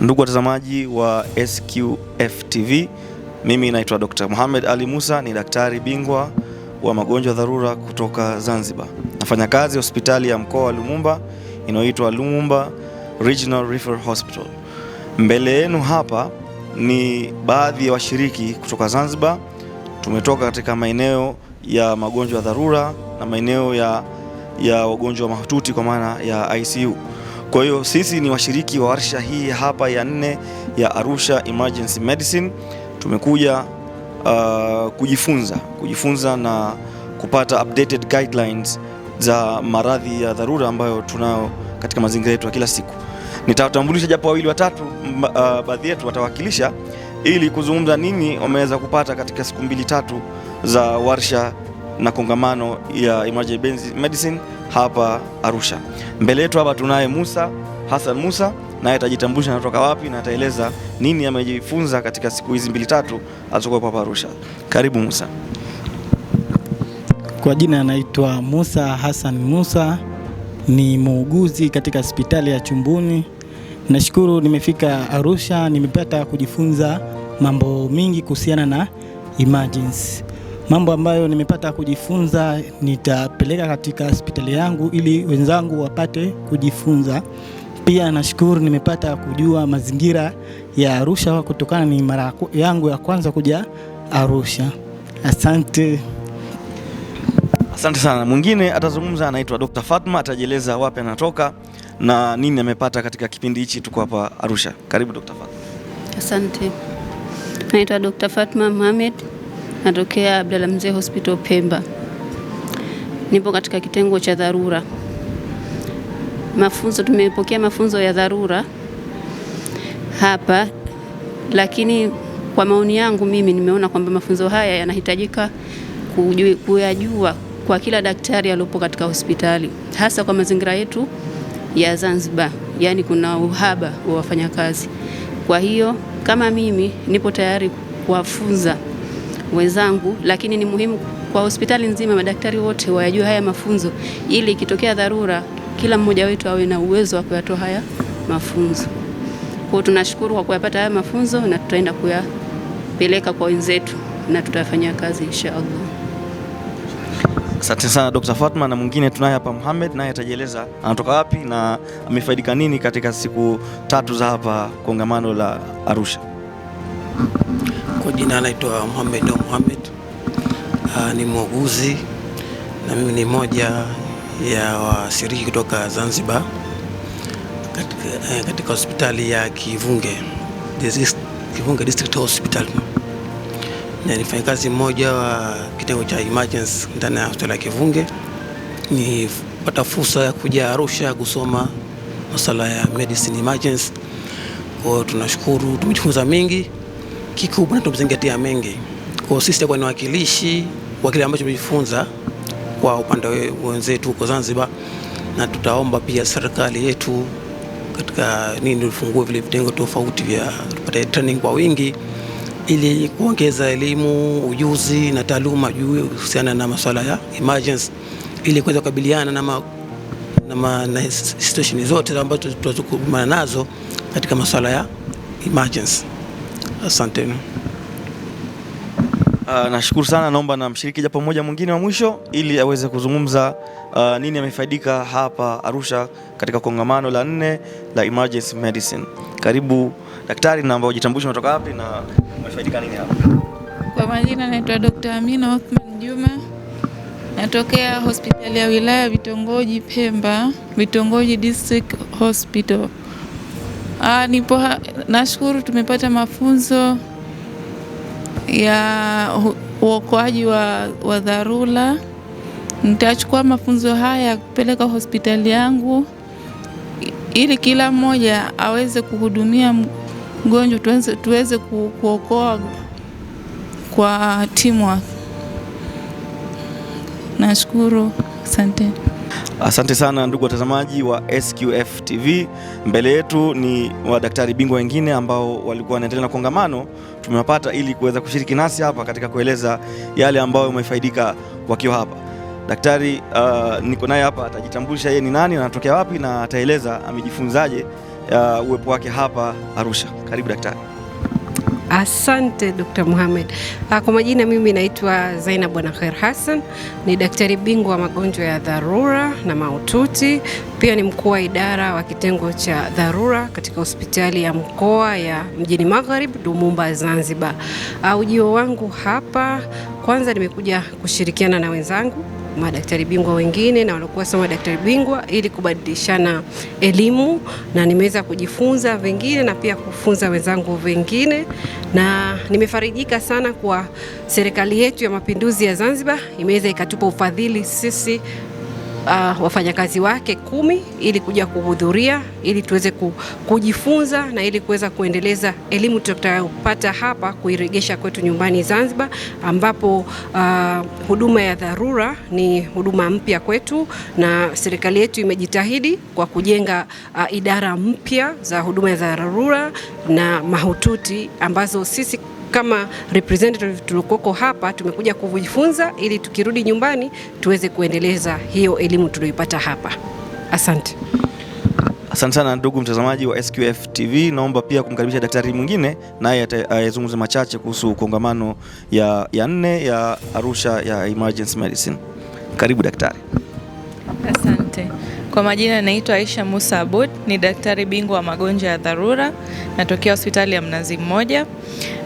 Ndugu watazamaji wa SQF TV, mimi naitwa Dr. Mohamed Ali Musa, ni daktari bingwa wa magonjwa dharura kutoka Zanzibar. Nafanya kazi hospitali ya mkoa wa Lumumba inayoitwa Lumumba Regional Referral Hospital. Mbele yenu hapa ni baadhi ya wa washiriki kutoka Zanzibar. Tumetoka katika maeneo ya magonjwa dharura na maeneo ya, ya wagonjwa mahututi kwa maana ya ICU. Kwa hiyo sisi ni washiriki wa warsha hii hapa ya nne ya Arusha Emergency Medicine. Tumekuja uh, kujifunza kujifunza na kupata updated guidelines za maradhi ya dharura ambayo tunayo katika mazingira yetu ya kila siku. Nitawatambulisha japo wawili watatu, uh, baadhi yetu watawakilisha ili kuzungumza nini wameweza kupata katika siku mbili tatu za warsha na kongamano ya Emergency Medicine hapa Arusha. Mbele yetu hapa tunaye Musa Hassan Musa, naye atajitambulisha anatoka wapi na ataeleza nini amejifunza katika siku hizi mbili tatu alizokuwa hapa Arusha. Karibu Musa. Kwa jina anaitwa Musa Hassan Musa, ni muuguzi katika hospitali ya Chumbuni. Nashukuru nimefika Arusha, nimepata kujifunza mambo mingi kuhusiana na emergency. Mambo ambayo nimepata kujifunza nitapeleka katika hospitali yangu ili wenzangu wapate kujifunza. Pia nashukuru nimepata kujua mazingira ya Arusha kutokana ni mara yangu ya kwanza kuja Arusha. Asante. Asante sana. Mwingine atazungumza anaitwa Dr. Fatma, atajieleza wapi anatoka na nini amepata katika kipindi hichi tuko hapa Arusha. Karibu Dr. Fatma. Asante. Naitwa Dr. Fatma Mohamed natokea Abdalla Mzee Hospital Pemba, nipo katika kitengo cha dharura mafunzo. Tumepokea mafunzo ya dharura hapa, lakini kwa maoni yangu mimi nimeona kwamba mafunzo haya yanahitajika kuyajua kwa kila daktari aliyopo katika hospitali, hasa kwa mazingira yetu ya Zanzibar, yaani kuna uhaba wa wafanyakazi. Kwa hiyo kama mimi nipo tayari kuwafunza wenzangu, lakini ni muhimu kwa hospitali nzima madaktari wote wayajue haya mafunzo, ili ikitokea dharura kila mmoja wetu awe na uwezo wa kuyatoa haya mafunzo. Kwa tunashukuru kwa kuyapata haya mafunzo na tutaenda kuyapeleka kwa wenzetu na tutafanyia kazi inshaallah. Asante sana Dr. Fatma, na mwingine tunaye hapa Mohamed, naye atajieleza anatoka wapi na amefaidika nini katika siku tatu za hapa kongamano la Arusha. Kwa jina naitwa Mohamed Mohamed, ah, ni muuguzi na mimi ni moja ya washiriki kutoka Zanzibar katika, eh, katika hospitali ya Kivunge District, Kivunge District Hospital na nifanya kazi mmoja wa kitengo cha emergency ndani ya hospitali ya Kivunge. Nipata fursa ya kuja Arusha kusoma masuala ya medicine emergency. Kwa hiyo tunashukuru, tumejifunza mengi kikubwa tumezingatia mengi. Kwa sisi kwa ni wakilishi wa kile ambacho tumejifunza kwa upande wenzetu huko Zanzibar, na tutaomba pia serikali yetu katika nini tufungue vile vitengo tofauti vya tupate training kwa wingi ili kuongeza elimu, ujuzi na taaluma juu husiana na masuala ya emergency ili kuweza kukabiliana na ma, na, ma, na situation zote ambazo tunazokumbana nazo katika masuala ya emergency. Asanteni. Uh, nashukuru sana, naomba na mshiriki japo mmoja mwingine wa mwisho ili aweze kuzungumza uh, nini amefaidika hapa Arusha katika kongamano la nne la Emergency Medicine. Karibu daktari, na ambao jitambulishe, unatoka wapi na umefaidika nini hapa? Kwa majina naitwa Dr. Amina Othman Juma, natokea hospitali ya wilaya Vitongoji Pemba, Vitongoji District Hospital. Aa, ah, nipo nashukuru, tumepata mafunzo ya uokoaji wa, wa dharura. Nitachukua mafunzo haya ya kupeleka hospitali yangu ili kila mmoja aweze kuhudumia mgonjwa, tuweze, tuweze ku, kuokoa kwa teamwork. Nashukuru, asante. Asante sana ndugu watazamaji wa SQF TV. Mbele yetu ni wadaktari bingwa wengine ambao walikuwa wanaendelea na kongamano, tumewapata ili kuweza kushiriki nasi hapa katika kueleza yale ambayo wamefaidika wakiwa hapa. Daktari uh, niko naye hapa, atajitambulisha yeye ni nani, anatokea wapi na ataeleza amejifunzaje uh, uwepo wake hapa Arusha. Karibu daktari. Asante Dr. Mohamed. Ah, kwa majina mimi naitwa Zainab Bwana Khair Hassan, ni daktari bingwa wa magonjwa ya dharura na maututi, pia ni mkuu wa idara wa kitengo cha dharura katika hospitali ya mkoa ya Mjini magharib Dumumba, Zanzibar. Ah, ujio wangu hapa kwanza, nimekuja kushirikiana na wenzangu madaktari bingwa wengine na waliokuwa sio madaktari bingwa ili kubadilishana elimu, na nimeweza kujifunza vingine na pia kufunza wenzangu vingine, na nimefarijika sana kwa serikali yetu ya Mapinduzi ya Zanzibar imeweza ikatupa ufadhili sisi uh, wafanyakazi wake kumi ili kuja kuhudhuria ili tuweze kujifunza na ili kuweza kuendeleza elimu tutakayopata hapa kuiregesha kwetu nyumbani Zanzibar, ambapo uh, huduma ya dharura ni huduma mpya kwetu, na serikali yetu imejitahidi kwa kujenga uh, idara mpya za huduma ya dharura na mahututi ambazo sisi kama representative tuliokoko hapa tumekuja kujifunza ili tukirudi nyumbani tuweze kuendeleza hiyo elimu tuliyoipata hapa. Asante. Asante sana ndugu mtazamaji wa SQF TV, naomba pia kumkaribisha daktari mwingine naye ayazungumze machache kuhusu kongamano ya, ya nne ya Arusha ya Emergency Medicine. Karibu daktari. Asante. Kwa majina naitwa Aisha Musa Abud, ni daktari bingwa wa magonjwa ya dharura, natokea hospitali ya Mnazi Mmoja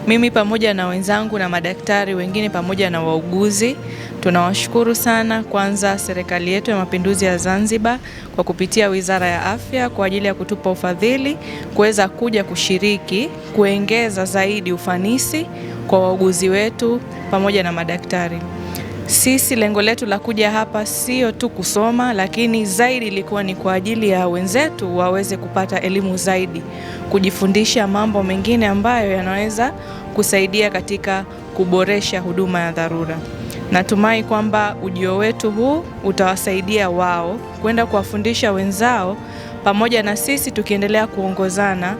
mimi pamoja na wenzangu na madaktari wengine pamoja na wauguzi tunawashukuru sana kwanza serikali yetu ya Mapinduzi ya Zanzibar kwa kupitia Wizara ya Afya kwa ajili ya kutupa ufadhili kuweza kuja kushiriki kuengeza zaidi ufanisi kwa wauguzi wetu pamoja na madaktari. Sisi lengo letu la kuja hapa sio tu kusoma, lakini zaidi ilikuwa ni kwa ajili ya wenzetu waweze kupata elimu zaidi, kujifundisha mambo mengine ambayo yanaweza kusaidia katika kuboresha huduma ya dharura. Natumai kwamba ujio wetu huu utawasaidia wao kwenda kuwafundisha wenzao, pamoja na sisi tukiendelea kuongozana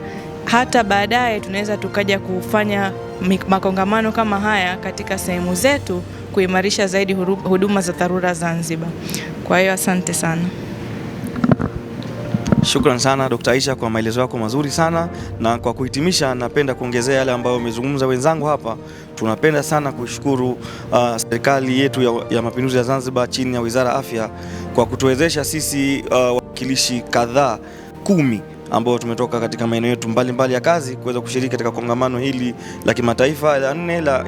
hata baadaye tunaweza tukaja kufanya makongamano kama haya katika sehemu zetu kuimarisha zaidi huduma za dharura Zanzibar. Kwa hiyo asante sana. Shukran sana Dkt. Aisha kwa maelezo yako mazuri sana, na kwa kuhitimisha, napenda kuongezea yale ambayo wamezungumza wenzangu hapa. Tunapenda sana kushukuru uh, serikali yetu ya, ya mapinduzi ya Zanzibar chini ya Wizara ya Afya kwa kutuwezesha sisi uh, wakilishi kadhaa kumi ambao tumetoka katika maeneo yetu mbalimbali ya kazi kuweza kushiriki katika kongamano hili la kimataifa la nne la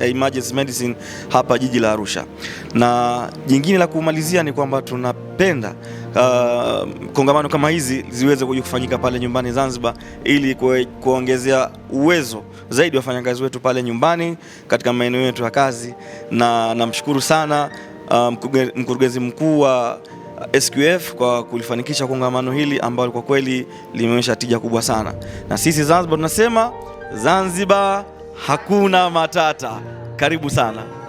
emergency medicine hapa jiji la Arusha. Na jingine la kumalizia ni kwamba tunapenda uh, kongamano kama hizi ziweze kuja kufanyika pale nyumbani Zanzibar, ili kuongezea uwezo zaidi wafanyakazi wetu pale nyumbani katika maeneo yetu ya kazi, na namshukuru sana uh, mkurugenzi mkuu wa SQF kwa kulifanikisha kongamano hili ambalo kwa kweli limeonyesha tija kubwa sana, na sisi Zanzibar tunasema Zanzibar hakuna matata. Karibu sana.